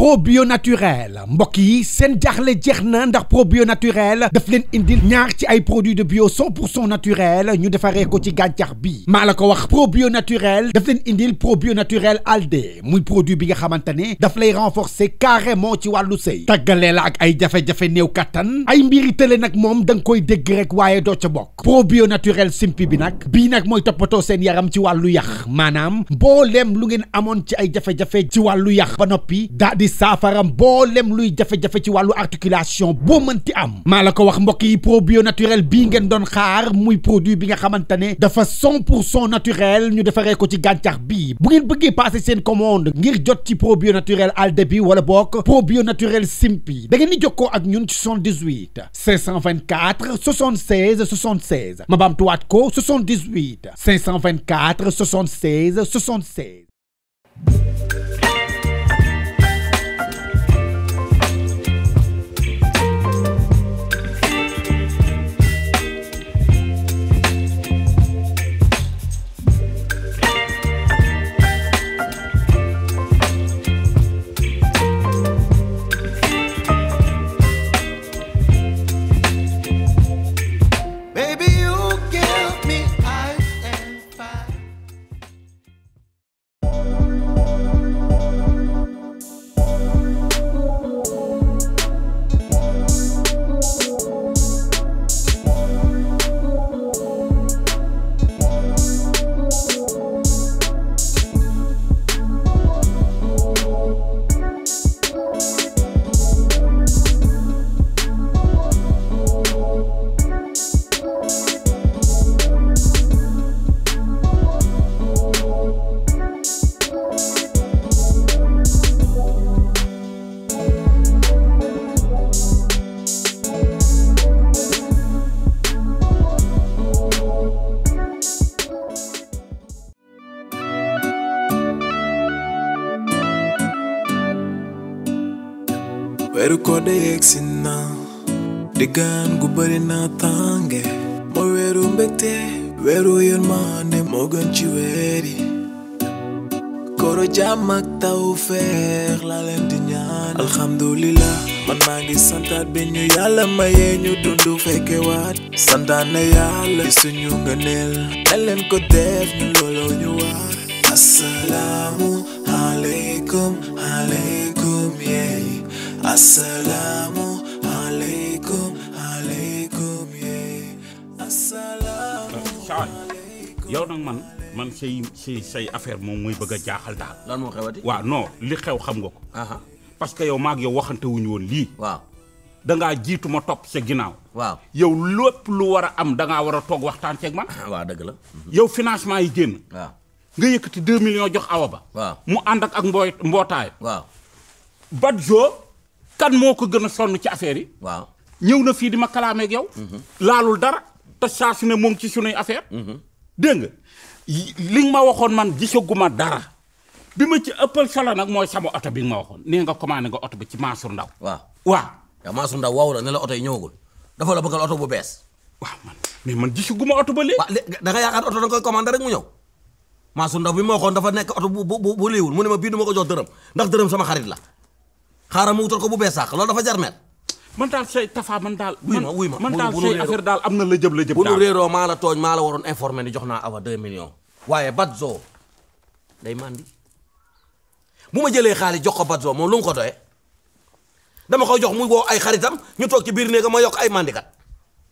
probio naturel mbokk yi seen jaaxle jeex ndax probio naturel daf leen indil ñaar ci ay de bio 100 naturel ñu defaree ko ci gàncax bi maa wax probio naturel daf leen indil probio naturel alde muy produit bi nga xamantane renforcé daf lay renforcer carrément ci walu sëy tagalé la ak ay jafé mom new katan ay mbiri tële nag moom koy dégg rek probio naturel simpi bi nak bi nak moy toppatoo sen yaram ci walu yax manam bolem lu ngeen amone ci ay ci saafara mboolem luy jafé jafé ci walu articulation boo ti am maa ko wax mbokk yi probio naturel bi ngeen don xaar muy produit bi nga xamantane dafa 100 naturel ñu defaree ko ci gàncax bi bu ngeen bëggé passer seen commande ngir jot ci probio naturel alde wala bok probio naturel simpi da ngeen di jokkoo ak ñun ci 78 524 76 76 ma baamtuwaat ko 78 524 76 76 yegsi na diggaan gu bëri na tànge weeru mbégte weeru yërmande moo gën ci weer yi koro jàmm ak taw feex laa leen di ñaan alhamdulilah man maa ngi santaat bi ñu yàlla mayee ñu dundu fekke waat santaane yàlla ci suñu ngëneel ne leen ko def ñu looloo ñu waar asalaamu aleykum aleykum yee assalaamu aleykum aleykum yee assalaamu yow nag man man say say say affaire moom mooy bëgg a jaaxal daal. lan moo li xew xam nga ko. parce que yow maag yow waxantewuñu wuñu woon lii. waaw da ngaa jiitu ma topp sa ginnaaw. waaw yow lépp lu war a am dangaa war a toog waxtaan ceeg man. waaw dëgg mhm. yow financement yi génn. waaw nga yëkkati 2 millions jox awa ba. mu ànd ak mbooy mbootaay. waaw Badjo. kan moko gëna gën sonn ci affaire yi. waaw ñew na fi di ma kalaamee ak yow. Mm-hmm. laalul dara ta saa ne moom ci sunuy affaire. Mm-hmm. dégg nga ma waxon man gisaguma dara bima ci ëppal solo nak moy sama auto bi nga ma waxon nee nga commandé nga auto bi ci Mansour Ndaw. waaw waaw. ya Mansour Ndaw waaw la ne la auto yi ñewugul dafa la bëggal auto bu bees. waaw man mais man gisaguma auto ba lé da nga yaakaar auto da nga koy commandé rek mu ñew Mansour Ndaw bi ma waxon dafa nekk auto bu bu bu mu ne ma bii du jox dërëm ndax dërëm sama xarit la xaaral mu wutal ko bu bee sàq loolu dafa jar man daal say tafa man daal. ma man daal say affaire daal am na la jëb la jëb. daal bu nu réeroo waroon informé ni jox naa awa 2 millions. waaye Badzo day mandi bu ma jëlee xaalis jox ko Badzo moom lu dama koy jox muy woo ay xaritam ñu toog ci biir néegam ma yokk ay mandikat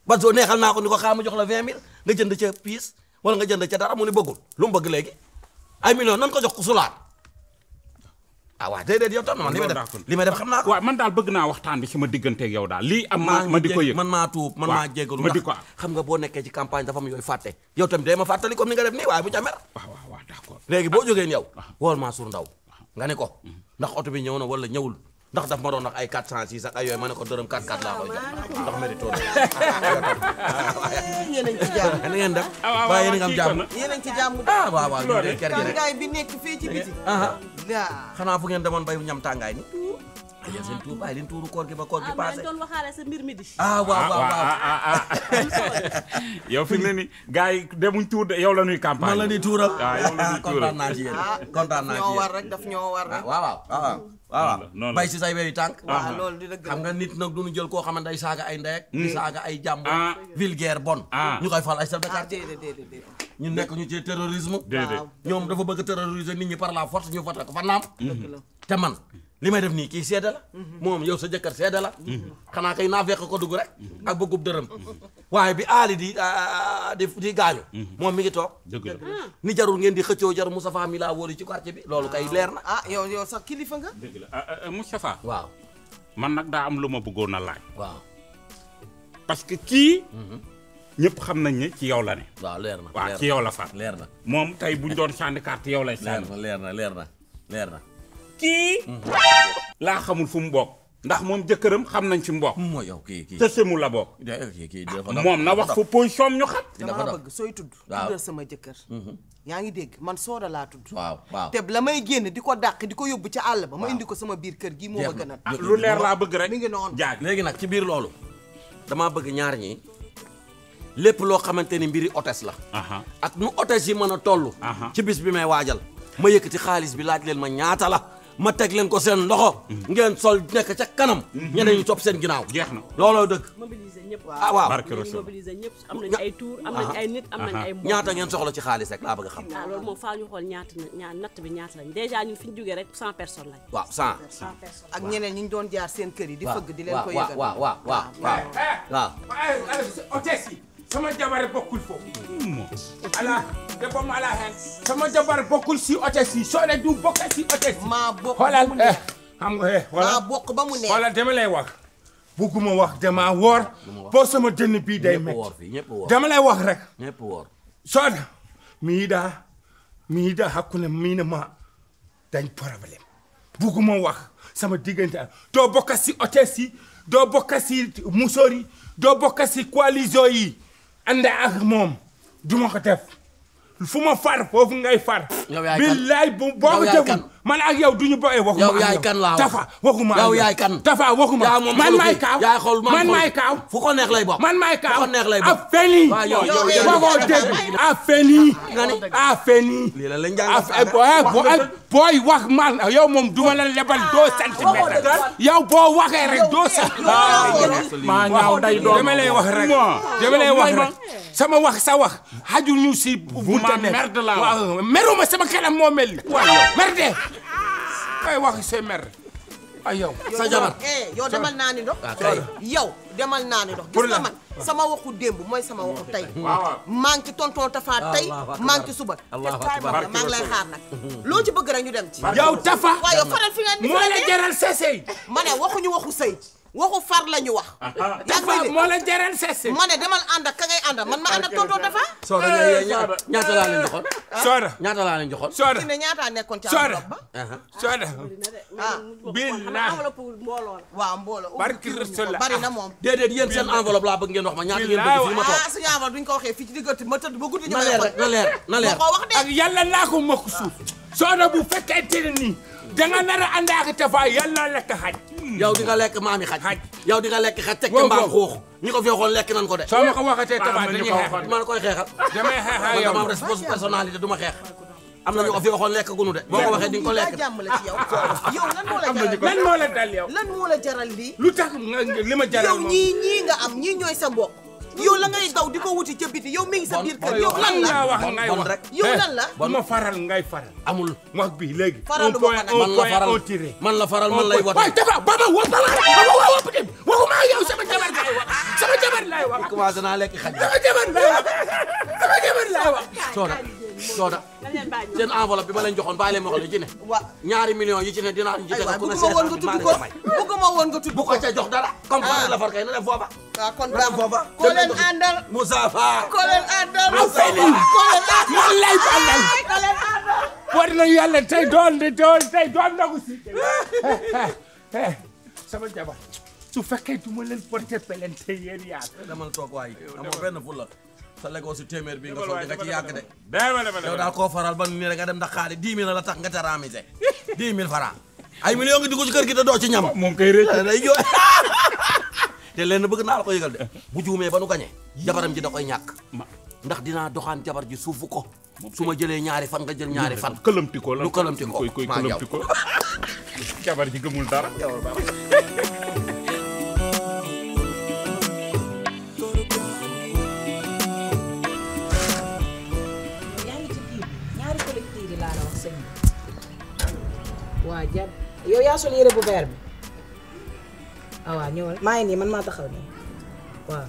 Badzo neexal naa ko ni ko xaar mu jox la 20000 nga jënd ca piis wala nga jënd ca dara mu ne bëggul lu mu ko jox ko sulaar. ah waaw déedéet yow tam man li may def def xam naa ko waaw man daal bëgg naa waxtaan bi ci ma digganteeg yow daal lii am ma ma di ko yëg man maa tuub man maa jégalu ma xam nga boo nekkee ci campagne dafa am yooyu fàtte yow tamit day ma fàttali comme ni nga def nii waaye bu ca léegi boo jógee yow ah, wool Mansour Ndaw ah. nga ne ko mhm. ndax oto bi ñëw na wala ñëwul ndax daf ma doon wax ay 400 6 ak ay yooyu ma ne ko dërëm 4 4 laa koy jox ndax mérite woon yéen a ngi ci ngeen def ah, a ngi am jàmm yéen a ngi ci jàmm ah waaw waaw ñu de kër gi bi nekk fii ci biti ah, ah. xanaa fu ngeen demoon bay ñam tàngaay ni yal seen tuub bàyyi leen tuuru koor gi ba koor gi ah, passé doon waxaale sa mbir mi di ah waaw waaw waaw yow fi mu ne nii gars yi demuñ tour de yow la ñuy campagne man la ñuy tuural kontaan naa ci yéen kontaan naa ci yéen war rek daf ñoo war ah, rek waaw waaw waaw bay si say weyu tànk waaw loolu di dëgg xam nga nit nag duñu jël koo xamante ay saaga ay ndey ak hmm. di saaga ay jàmbur ah. vulgaire bon ñu koy fal ay chef de ñu nekk ñu ci terrorisme ñoom dafa bëgg terroriser nit ñi par la force ñu voté ko fa naam te man li may def ni ki sédal mom yow sa jëkkat sédal xana kay naa fekk ko dug rek ak bëggub deureum waye bi ali di ah, ah, ah, di di gaañu moom mi ngi tok ni jarul ngeen di xëccio jar mustafa mi la wóolu ci quartier bi lolu kay leer na ah yow yow sa kilifa nga dëgg la waaw man nak da am luma ma a laaj waaw parce que ki ñepp xam nañ ne ci yow la né waaw leer na waaw ci yow la fa leer na mom tay buñ doon sànni carte yow lay sànni leer na leer na leer na ki mm-hmm. la xamul fu mu bokk ndax mom jëkkëram xam nañ ci mbokk mo yow ki ki te mu la bok ah, mom na wax fu position ñu xat dama bëgg soy tudd tuddal sama jëkkër mm-hmm. yaa ngi dégg man sooda la tudd waaw waaw te la may génn di ko dàq di ci all ba ma indi ko sama biir kër gi mo ma gën ah, lu leer la bëgg rek mi ngi noonu jaag léegi nag ci biir loolu dama bëgg ñaar ñi lepp lo xamanteni mbiri otes la ak nu otes yi mëna tollu ci bis bi may wajal ma yëkëti xaaliss bi laaj leen ma ñaata la ma teg leen ko seen loxo. Mm-hmm. ngeen sol nekk ca kanam. Mm-hmm. ñeneen ñu topp seen ginnaaw. jeex na looloo dëgg. mobiliser ñëpp ah, waaw waaw mobiliser ñëpp am nañ ay tour ay nit ay. ñaata ngeen soxla ci xaalis rek a xam. waaw loolu moom faa ñu xool ñaata ñaar natt bi ñaata lañ déjà fi ñu jógee rek cent personnes lañ. waaw cent cent ak ñeneen ñi ñu doon jaar seen kër yi. di fëgg di leen ko yëgal waaw waaw waaw waaw. Eh, eh, eh, sama jabar bokkul foofu mmh. ala te bom ala hen sama jabar bokul si hôtesse so soo du bokk si hôtesse maa bokk ba mu eh, xam nga eh, maa bokk ba mu ne wala dama lay wax buguma wax dama wor boo sama den bi day met dama lay wax rek ñëpp wor sooda mii daa mii daa hakku ne ne ma dañ problème buguma wax sama diggante do doo bokk si hôtesse yi do bokk si musóor yi doo si coalition yi ànd ak moom du ma ko def fu ma far foofu ngay far. yow yaay kan billaay boo ko deful man ak yow duñu boye eh, waxuma yow yaay kan laa tafa waxuma yow yaay kan tafa waxuma man maay kaaw yaay xool man maay kaaw fu ko neex lay bokk man maay kaaw fu ko neex lay bokk afeni boo ko dégg afeni afeni lii la booy wax man yow moom duma la lebal deux ah. centimètres yow boo waxee rek deux centimètres maa ñaaw day doon dama lay wax sama wax sa wax xaju ñu si bunte merde la sama kanam moo mel ni merde booy wax sa merde ay ah, yow sa jabar eh, ah, yow demal naa ni ndox yow demal naa ni ndox gis nga man sama waxu démb mooy sama waxu tey maa ngi ci tonton Tafa tey maa ci suba te taima maa ngi lay xaar nag loo ci bëgg rek ñu dem ci yow Tafa waaw yow faral fi nga moo la jaral sa sëy ma waxuñu waxu sëy waxu far la ñu wax. yaa ngi moo leen jëral cesse. ma ne demal ànd ak ka ngay àndal man ma ànd ak tonton dafa. Ah. Soda ñaata laa leen joxoon. Soda ñaata laa leen joxoon. Soda ne ñaata nekkoon ca enveloppe ba. Soda ah. bii naa waaw mbooloo. barki Rasul la bari na moom. déedéet yéen seen enveloppe laa bëgg ngeen wax ma ñaata ngeen bëgg fii ma toog. ah suñu enveloppe duñ ko waxee fii ci diggante ma tëdd ba guddi. na leer na leer na leer ak yàlla naa ko mokk suuf. Soda bu fekkee tene nii danga nar a ànd ak Tapha yàlla lekk xaj. Hmm. yow di nga lekk maami xaj. xaj yow di lekk xaj teg te mbaam xuux. ñi ko fi waxoon lekk nan ko de. soo ma ko waxatee Tapha dañuy xeex man koy xeexal. am responsabilité personnalité du ma xeex. am na ñu ko fi waxoon lekk gunu de boo ko waxee di nga ko lekk yow lan la jaral lan moo la dal yow lan moo la jaral lii. lu ñii ñii nga am ñii ñooy sa mbokk yow la ngay daw di ko wuti ca biti yow mi ngi sa biir kër yow lan la wax ngay wax yow eh, lan la bu ma faral ngay faral amul wax bi léegi un point un point un tiré man la faral man lay waay dafa ba ma wax la ma wax wax bi jabar lay wax sama jabar lay wax commencé naa lekk xaj sama jabar lay wax sama sooda seen enveloppe bi ma leen joxoon bàyyi leen ma wax la ci ne ñaari millions yi ci ne dinaa ci tegal ku ne seetal woon nga tudd ko bëgguma woon nga tudd ko bu ko ca jox dara comme fa la far kay na def foofa waaw ah, kon baax foofa ko leen àndal Moussa Fa ko leen àndal Moussa ko leen àndal man lay àndal ko leen àndal war na yàlla tey doon di doon tey doon nagu si sama jabar su fekkee du ma leen porter pelente yéen yaar demal toog waay amoo benn fulla sa legoo téeméer bi nga soog nga ci yàgg de yow koo faral ba ni rek nga dem ndax xaali dix la nga ca ramise dix mille francs ay million ngi kër gi te doo ci moom kay rëcc day jooy lenn bëgg naa la ko yëgal de bu juumee ba nu gañee jabaram ji da koy ñàkk ndax dinaa doxaan jabar ji suufu ko su ma jëlee ñaari fan nga jël ñaari fan këlëmti ko lu këlëmti ko koy këlëmti ko jabar ji gëmul dara waaw jar yow yaa sol yére bu vert bi ah waaw ñëwal maa ngi nii man maa taxaw nii waaw.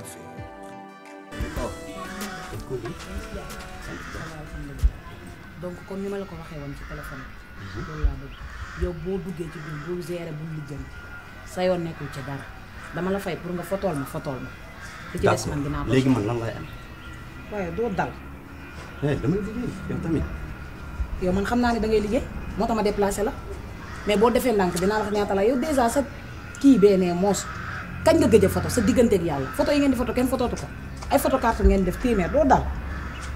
loolu yow boo duggee ci biir bul gérer bul lijjanti sa ci dara dama la fay pour nga fotool ma fotool ma. ci des man dinaa ko man lan lay am. dal. eh damay liggéey yow tamit. yow man xam naa da ngay liggéey moo tax la mais boo defee ndànk dinaa la wax ñaata la yow dèjà sa kii bee kañ nga foto sa digganteeg foto yi ngeen di foto kenn fotootu ko ay foto carte ngeen def téeméer dal.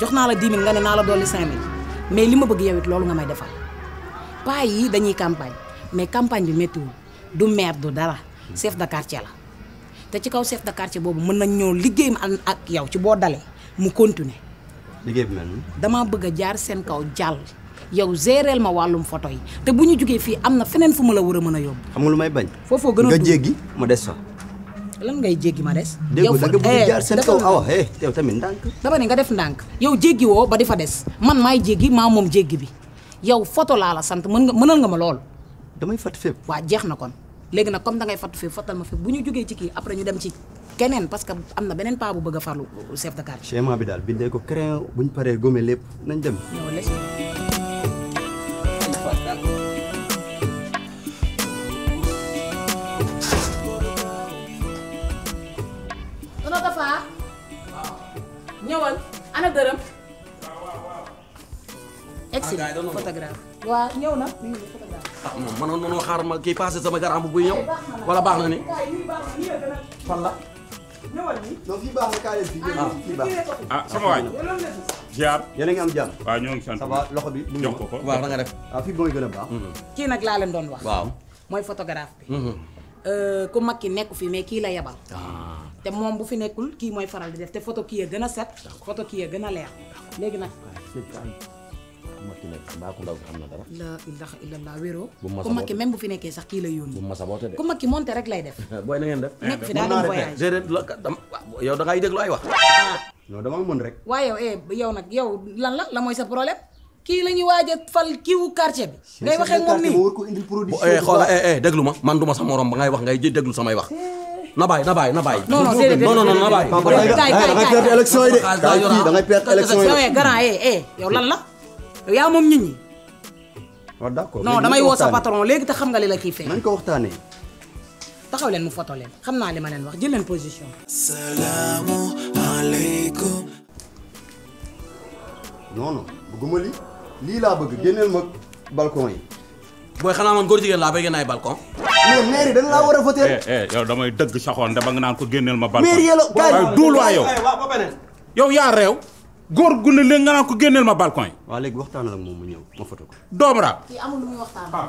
jox naa la 10 000 nga ne naa la dolli 5 000 mais li ma bëgg yow loolu nga may defar paa yi dañuy campagne mais campagne bi méttiwul du maire du dara chef de quartier la te ci kaw seef de quartier boobu mën nañ ñëw liggéeyam ak yow ci boo dalee mu continuer liggéey bi mel ni damaa bëgg a jaar seen kaw jàll yow géréel ma wàllum photo yi te bu ñu jógee fii am na feneen fu ma la war a mën a yóbbu xam nga lu may bañ foofoo gën a nga jéggi ma des fa lan ngay jéggi ma des. yow fa eh, jaar seen kaw awa ah, eh, yow tamit ndànk. dama ne nga def ndànk yow jéggi ba di fa des man maay jéggi maa moom jéggi bi yow foto laa la sant mën nga mënal nga ma lool. damay fat fépp. waa jeex na kon léegi nag comme dangay fat fépp fatal ma fépp bu ñu jógee ci kii après ñu dem ci keneen parce que am na beneen paa bu bëgg a farlu chef de quartier. schéma bi daal bindee ko crayon bu ñu paree gome lépp nañ dem. ñëwal ana dërëm. exil ah, photographe. waaw ñëw na ñu ngi photographe. ah moom mënoon mënoo xaar ma kii passé sama buy ñëw. wala baax na ni. fan la. ñëwal nii. donc baax na kaay leen fii. Ah, ah, fii baax ah sama waay. ziar. yéen ngi am jàmm. waaw sant ça loxo bi. jox ko ko waaw da def. waaw fii gën baax. Mm-hmm. kii nag laa leen doon wax. waaw mooy photographe bi. Mm-hmm. Euh, ku mag ki nekku fi mais kii la yebal ah. te moom bu fi nekkul kii mooy faral di def te photo kii yee gën set photo kii yee gën a leer léegi nag ah, makki nekk mbaa ku ndaw xam na dara la ilaha bu fi nekkee sax kii la yoon bu ma saboote de ku ki monte rek lay def booy na ngeen def nekk fi daal di voyage déedéet yow da ngay déglu ay wax ah. non dama mën rek waaye yow eh, yow nag la la mooy sa problème ki lañu ñuy fal ki wu quartier bi. ngay waxee mom ni war ko indil eh, eh xoola eh, eh, déglu man duma ma sa morom ba ngay wax ngay déglu samay wax. na bay na bay na bay non non non non na bay kaay kaay da ngay perte élection yi de. da ngay perdre élection yi de. grand eh yow lan la yow ya mom nit ñi. waaw oh, d'accord non damay wo sa patron léegi te xam nga li la kii fee. nañ ko waxtaanee. taxaw len mu foto len xamna li ma leen wax jël len position. salaamu alaykum non non bëgguma li lii laa bëgg génneel ma balcon yi. booy xanaa man góor jigéen laa bëgg naay balcon. mais maire yi laa war a voté. Eh, eh, yow damay dëgg saxoon dama nga naan ko génneel ma. balcon maire yàlla duul waa yow. yow yaa réew. góor gu ne nga naan ko génneel ma balcon yi. waaw léegi waxtaan la moom mu ñëw ma foto ko. doom ra. amul lu muy waxtaan. Ah.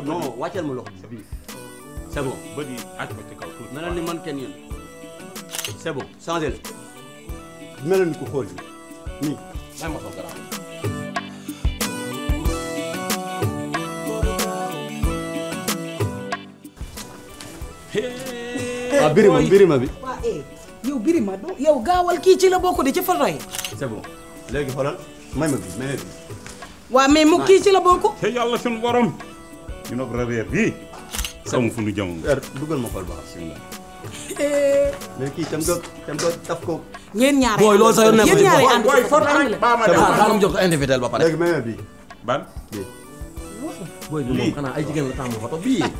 non wàccal ma loxo bi c'est bon melal ni man kenn yéen c'est bon changé melal ni ko xool yi nii bàyyi ma toog dara waaw birima birima bi. waaw eh yow birima do yow gaawal kii ci la bokk de ci photo yi. c'est bon léegi xoolal may ma bi may ma bi. waaw mais mu kii ci la bokk. te yàlla sunu borom. dina ko reer bii. xamu fu nu jëm. dugal ma xool ba xam eh. mais de tam doog tam doog taf ko. ñeent ñaare Boy, fort, sax yor jox individuel ba même bi ban. ay la tàmm photo mal.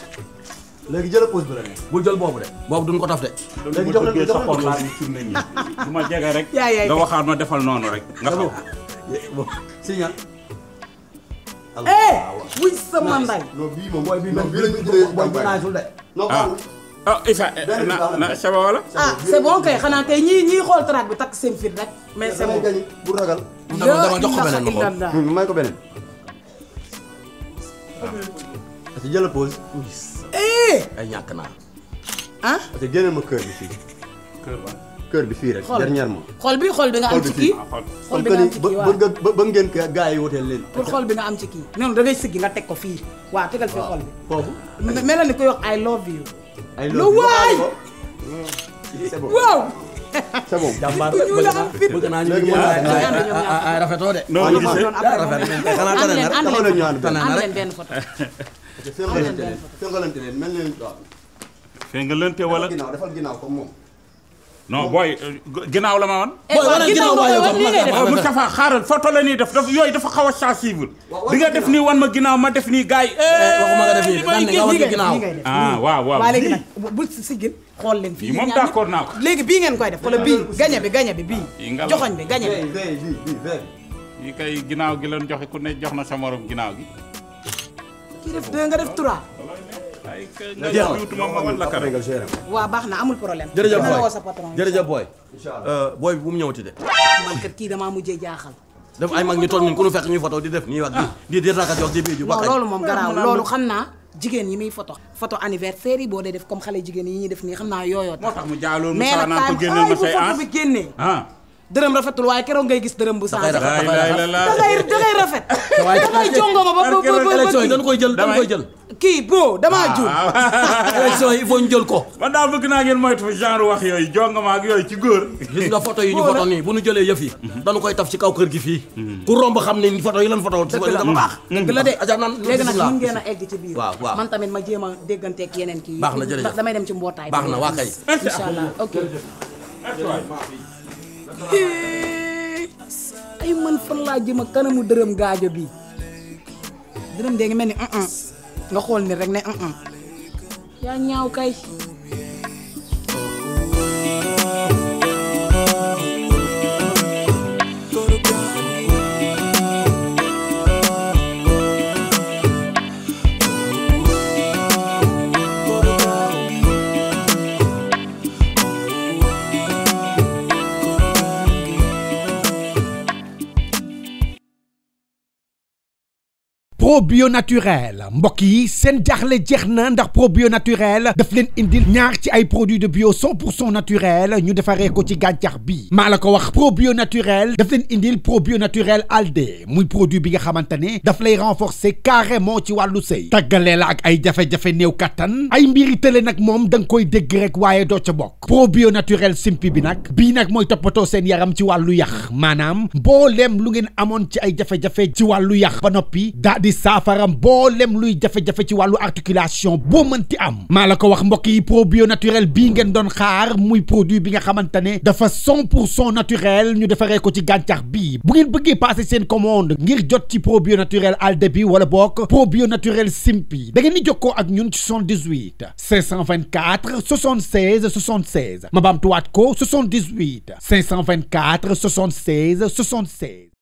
léegi jël pause bi la nekk. jël boobu de. duñ ko taf de. jox jox du ma rek. nga defal rek. nga eh oui sama bail. non non ah. Ah, eh, la ah ah c'est bon wala. ah c'est bon kay mais c'est bon bu ragal. dama jox ko non, non, non, non, non, non, non, non, non, eh ay non, kër bi fii rek. dernièrement xol bi xol bi nga am ci kii. Ah, xol bi nga am ci kii waaw kon ba ba ngeen ko gaa yi wuteel leen. pour xol bi nga am ci kii. noonu da ngay siggi nga ko fii. waa tegal fii xol bi. mel na ni koy wax I love you. I love you waay. waaw. c'est bon jàmbaar bëgg naa ñu ay ah, ah, rafetoo de. non non non am leen benn ko fengalante leen mel na leen waaw. fengalante wala. defal ginnaaw defal ginnaaw moom. non boy, euh, ginaaw la ma wan. Moustapha xaaral photo la ni def daf yoy dafa sensible def ni wan ma ginaaw ma def ni eh, eh, waxuma nga ah waaw waaw Ba léegi nak bu sigil xool leen fii Mom d'accord nako. bi ngeen koy def bi bi bi bi. Ah, joxoñ bi bi yi kay ginaaw gi joxe ku ne jox sa morom gi def nga def waa baax na amul problème. jërëjëf booy woo sa patron jërëjëf euh, bu mu ñëwati de. man kat kii damaa mujjee jaaxal. def ay mag ñu toog ñun ku ñu fekk ñuy photo di def nii wax di di rakat yox di bii ju ba loolu moom naa jigéen yi muy photo photo anniversaire yi boo dee def comme xale jigéen yi ñuy def xam naa yooyoo tax mu jaaloo mu saa naan ko génneel ma say ans bi génnee ah. gis dërëm bu sànq. dangay dangay rafet. dangay jongoma ba ba ba ba ba dañ koy jël dañ koy jël. kii boo dama jur élection yi foo jël ko man daal bëgg naa ngeen moytu genre wax yooyu jongama ak yooyu ci góor gis nga photo yi ñu photo nii bu ñu jëlee yëf yi mhm. dañu koy taf ci kaw kër gi fii mhm. ku romb xam ne photo yi lan photo ci dama baax dëgg la de ajar nan léegi nag ñu ngeen a egg ci biir waaw waaw man tamit ma jéem a déggante ak yeneen kii baax na jërëjëf damay dem ci mbootaay baax na waa kay inshallah ok ay man fan laa jëm kanamu dërëm gaajo bi dërëm dee ngi mel ni uh-uh. nga xool ni rek ne am yaa ñaaw kay probio naturel mbokk sen jaxlé jexna probio naturel daf flin indil ñaar ci ay produits de bio 100 naturel ñu defaree ko ci gàncax bi naturel daf leen indil probio naturel alde muy produit bi nga de daf lay renforcer carrément ci walu sëy tagalé la ak ay jafé jafé new katan ay mbiri tële nag moom da koy dégg rek wayé naturel simpi bi nak bi nak moy sen yaram ci wàllu manam maanaam mbooleem lu ngeen amoon ci ay jafé jafé saafara mboolem luy jafé jafé ci walu articulation boo ti am maa ko wax mbokk yi probio naturel bi ngeen don xaar muy produit bi nga xamantane dafa 100 naturel ñu defaree ko ci gàncax bi bu ngeen bëggé passer seen commande ngir jot ci probio naturel alde bi wala bokk probio naturel simpi da ngeen di jokkoo ak ñun ci 78 524 76 76 ma baamtuwaat ko 78 524 76 76